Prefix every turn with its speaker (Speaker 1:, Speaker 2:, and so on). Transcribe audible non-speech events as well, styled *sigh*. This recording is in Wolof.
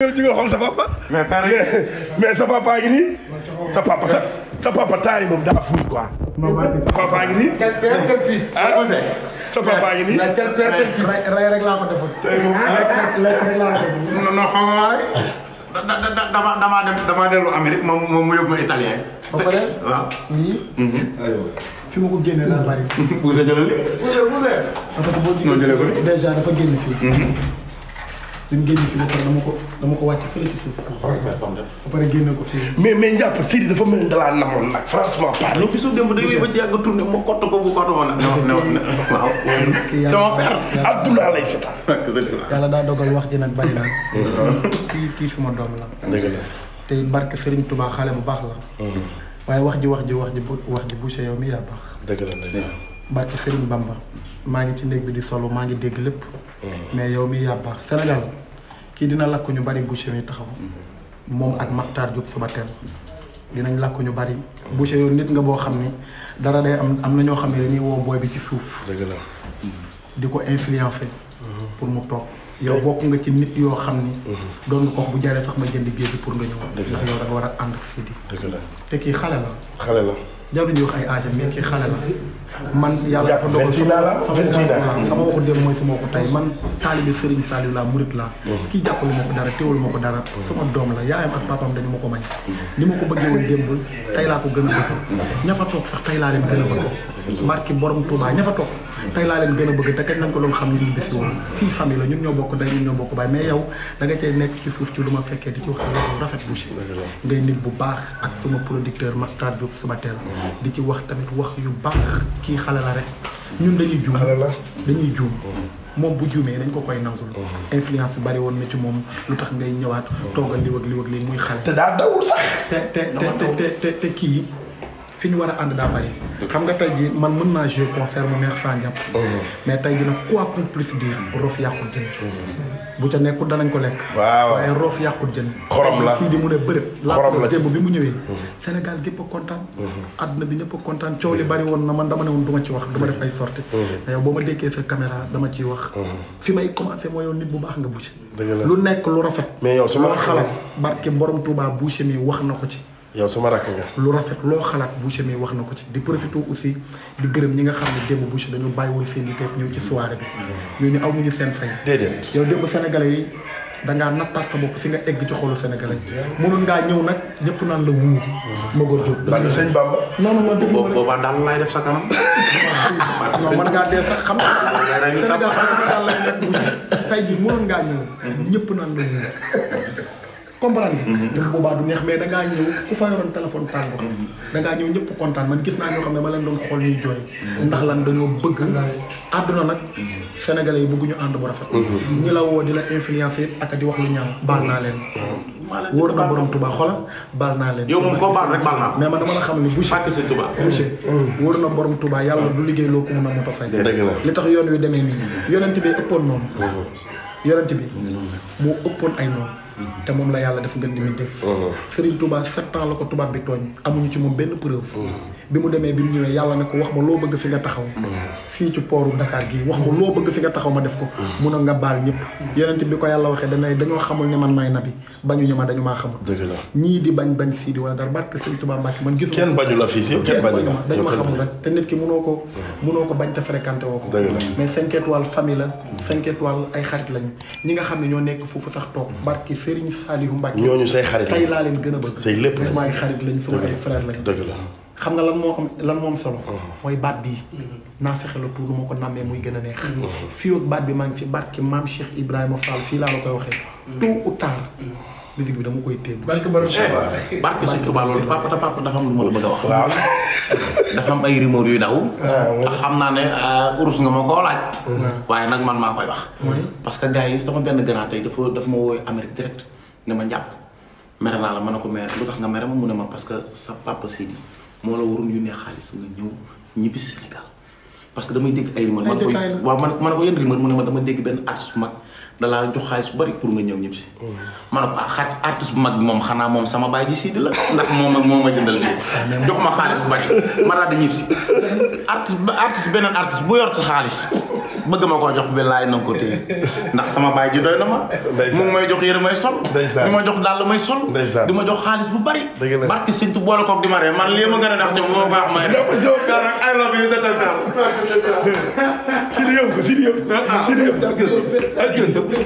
Speaker 1: yow ji nga xool sa papa. mais mais sa papa a ngi nii. sa papa sa sa papa temps yi moom daa fuuy quoi. sa papa a ngi nii. quel père quel fils. Ah, sa papa a ngi nii. quel père quel fils.
Speaker 2: rey rek laa ko defoon. tey moom rek laa ko defoon. non non xaw ma rek.
Speaker 1: da da da damaa damaa dem damaa dellu Amérique moom moom mu yóbbu ma italien. ba pare waaw.
Speaker 2: lii. Mhm. fi ma ko génne laa bari. *laughs* Ousseyn jëlali. Ousseyn
Speaker 1: Ousseyn. parce que boo jëlee ko
Speaker 2: déjà dafa génn fii. Mhm. dem génn dama ko dama ko wàcc fële ci suuf. ba pare génne ko fii.
Speaker 1: mais mais njàpp Sidi dafa mel ni dalaa namoon nag franchement parlé. lu fi suuf dem ba ci yàgg tourné ma kott ko bu kott woon. ne
Speaker 2: wax ji nag na. kii kii suma doom la. dëgg la te barke Serigne Touba xale bu baax la. Mm-hmm. waaye wax ji wax ji wax ji bu wax ji bouché yow mi yaa baax. barke Serigne Bamba maa ngi ci néeg bi di solo maa ngi dégg lépp. Mm-hmm. mais yow mi yaa baax Sénégal kii dina lakk ñu bari boucher mi taxaw. Mm-hmm. moom ak Makhtar Diop suba teel dinañ lakk ñu bari. boucher yow nit nga boo xam ne dara day am am na ñoo xam ne dañuy woo booy bi ci suuf. dëgg la di ko influencer. Mm-hmm. pour mu toog. yow bokk nga ci nit yoo xam ni. doon nga ko wax bu jaree sax ma jënd géej gi pour nga ñëw. dëgg la ndax yow da war a ànd ak Sidi. dëgg la te kii xale la. xale la. jarul ñu wax ay âge mais ki xale la man yàlla dafa dogal sama waxu dem mooy ma ko tey man taalibe Serigne Saliou laa murit laa mm-hmm. kii jàppalu ma ko dara teewul ma ko dara mm-hmm. sama doom la yaayam ak papaam dañu ma ko may ni ma ko bëggee woon démb tey laa ko gën a bëgg mm-hmm. ña sax tey laa leen gën a bëgg barki borom Touba ña tey laa leen gën a bëgg te kañ nañ ko doon xam ni ñu bisi woon fii famille la ñun ñoo bokk day ñun ñoo bokk baay mais yow da nga cay nekk ci suuf ci lu ma fekkee di ci wax rafet bu si ngay bu baax ak suma producteur Makhtar Diop suba teel di ci wax tamit wax yu baax kii xale la rek ñun dañuy juum dañuy juum mm-hmm. moom bu juumee dañ ko koy nangul mm-hmm. influence bi bari woon na ci moom lu tax ngay ñëwaat mm-hmm. toogal li wëg li wëg li muy xale te daa dawul sax te te te te te kii fi ñu war a ànd daa bari xam nga tey ji man mën naa jouer concert mu neex sans jàpp oh. mais tey ji nag quoi qu'on puisse dire mm. roof yàqul jën mm. bu ca nekkul danañ ko lekk waaw waaye roof yàqul jën xorom la sii di mu ne bërëb la démb bi mu ñëwee mm-hmm. Sénégal gépp a kontaan mm-hmm. àdduna bi ñëpp a kontaan coow bari woon na man dama ne woon du ma ci wax du ma def ay sortie mm-hmm. mais yow boo ma dékkee sa caméra dama ciy wax fi may commencé mooy yow nit bu baax nga Boucher lu nekk lu rafet mais yow su ma xalaat barke borom Touba Boucher mi wax na ko ci yow sama rakk nga. lu rafet loo xalaat Boucher mi wax na ko ci di profité aussi di gërëm ñi nga xam ne démb Boucher dañu bàyyiwul seen liggéey ñëw ci soirée bi. Mm. ñooñu aw ñu seen fay. déedéet yow démb sénégalais yi da ngaa nattaat sa fi nga egg ci xolu sénégalais yi. Mm. mënoon ngaa ñëw nag ñëpp naan la wuuy. la mm. sëñ Bamba. non boobaa daal lay def sa *laughs* xam nga *laughs* Sénégal xam nga daal lay def comprendre nga. bu mhm. boobaa du neex mais da ngaa ñëw ku fa yoroon téléphone tàng ko. Mhm. da ngaa ñëw ñëpp kontaan man gis naa ñoo xam ne ma leen doon xool ñuy jooy. Mhm. ndax lan dañoo bëgg. àdduna nag sénégalais yi bëgguñu ànd bu rafet. ñi la woo di la influencer ak di wax lu ñaaw baal naa leen. wóor na borom tubaa xoolal baal naa leen. yow moom koo baal rek mais ma dama la xam ne boucher. pàcc sa Touba boucher. wóor na borom Touba yàlla du liggéey loo ko mun a moto fay. li tax yoon wi demee nii yonent bi ëppoon noonu. yonent bi moo ëppoon ay noonu Mhm. te moom la yàlla def ngeen di def. Mhm. Serigne Touba sept ans la ko tubaab bi tooñ. amuñu ci moom benn preuve. Mhm. bi mu demee bi mu ñëwee yàlla ne ko wax ma loo bëgg fi nga taxaw. fii ci pooru Dakar gii wax ma loo bëgg fi nga taxaw ma def ko. mun a nga baal ñëpp. yonent bi ko yàlla waxee dana dañoo xamul ne man maay nabi bañuñu ma dañu maa xamul. dëgg la ñii di bañ bañ sii di wala dara barke Serigne Touba Mbacke man. gis nga kenn bañu fii si kenn bañu dañu ma ko. munoo ko bañ te fréquenté woo ko. dëgg mais cinq étoiles famille la. cinq étoiles ay xarit ñi nga xam ne ñoo nekk foofu sax toog mhm. barki Serigne Saliou Mbacke ñooñu say xarit tey laa leen gën a bëgg say lépp vraiment ay xarit lañ sama ay frère lañ la xam nga lan moo lan moom solo. Uh-huh. mooy baat bi. Mm-hmm. naa fexe la tuur moo ko nammee muy gën a neex. Mm-hmm. Uh-huh. fii ak baat bi maa ngi ci barke maam Cheikh Ibrahima Fall fii laa la koy waxee. Mm-hmm. tôt ou tard. bi dama koy téye. barke Borom Touba
Speaker 1: barke Sëñ Touba papa ta papa dafa am lu ma la bëgg a wax. *laughs* dafa am ay rumeur yuy daw. waaw ah, xam naa ne ah, urus nga ma koo laaj. Uh-huh. waaye nag man maa koy wax. parce que gars yi sama benn grand tey dafa dafa ma woowee Amérique direct ne ma njàpp. mere naa la ma ne ko mere lu tax nga ma mu ne ma parce que sa papa Sidi. moo la waroon yónnee xaalis nga ñëw ñibbi si Sénégal parce que damay dégg ay rumeur man koy waaw man man ko yenn rumeur mu ne ma dama dégg benn artiste bu mag da laa jox xaalis bu bari pour nga ñëw ñibbi si mm-hmm. a ne ko ah, xaaj artiste bu mag moom xanaa moom sama baay ji Sidi la ndax moom moom ma jëndal lii jox ma xaalis bu bari ma daal di ñibbi si artiste artiste beneen artiste bu yorta xaalis bëgg ma koo jox billaay na nga ko téye ndax sama baay ji doy na ma mu ngi may jox yére may sol di ma jox dàll may sol di ma jox xaalis bu bari barki sëñ tu boole koog di ma ree man lii ma gën a neex ci moo baax may rek ay love you datal daal si di yëpp si di yëpp si di yëpp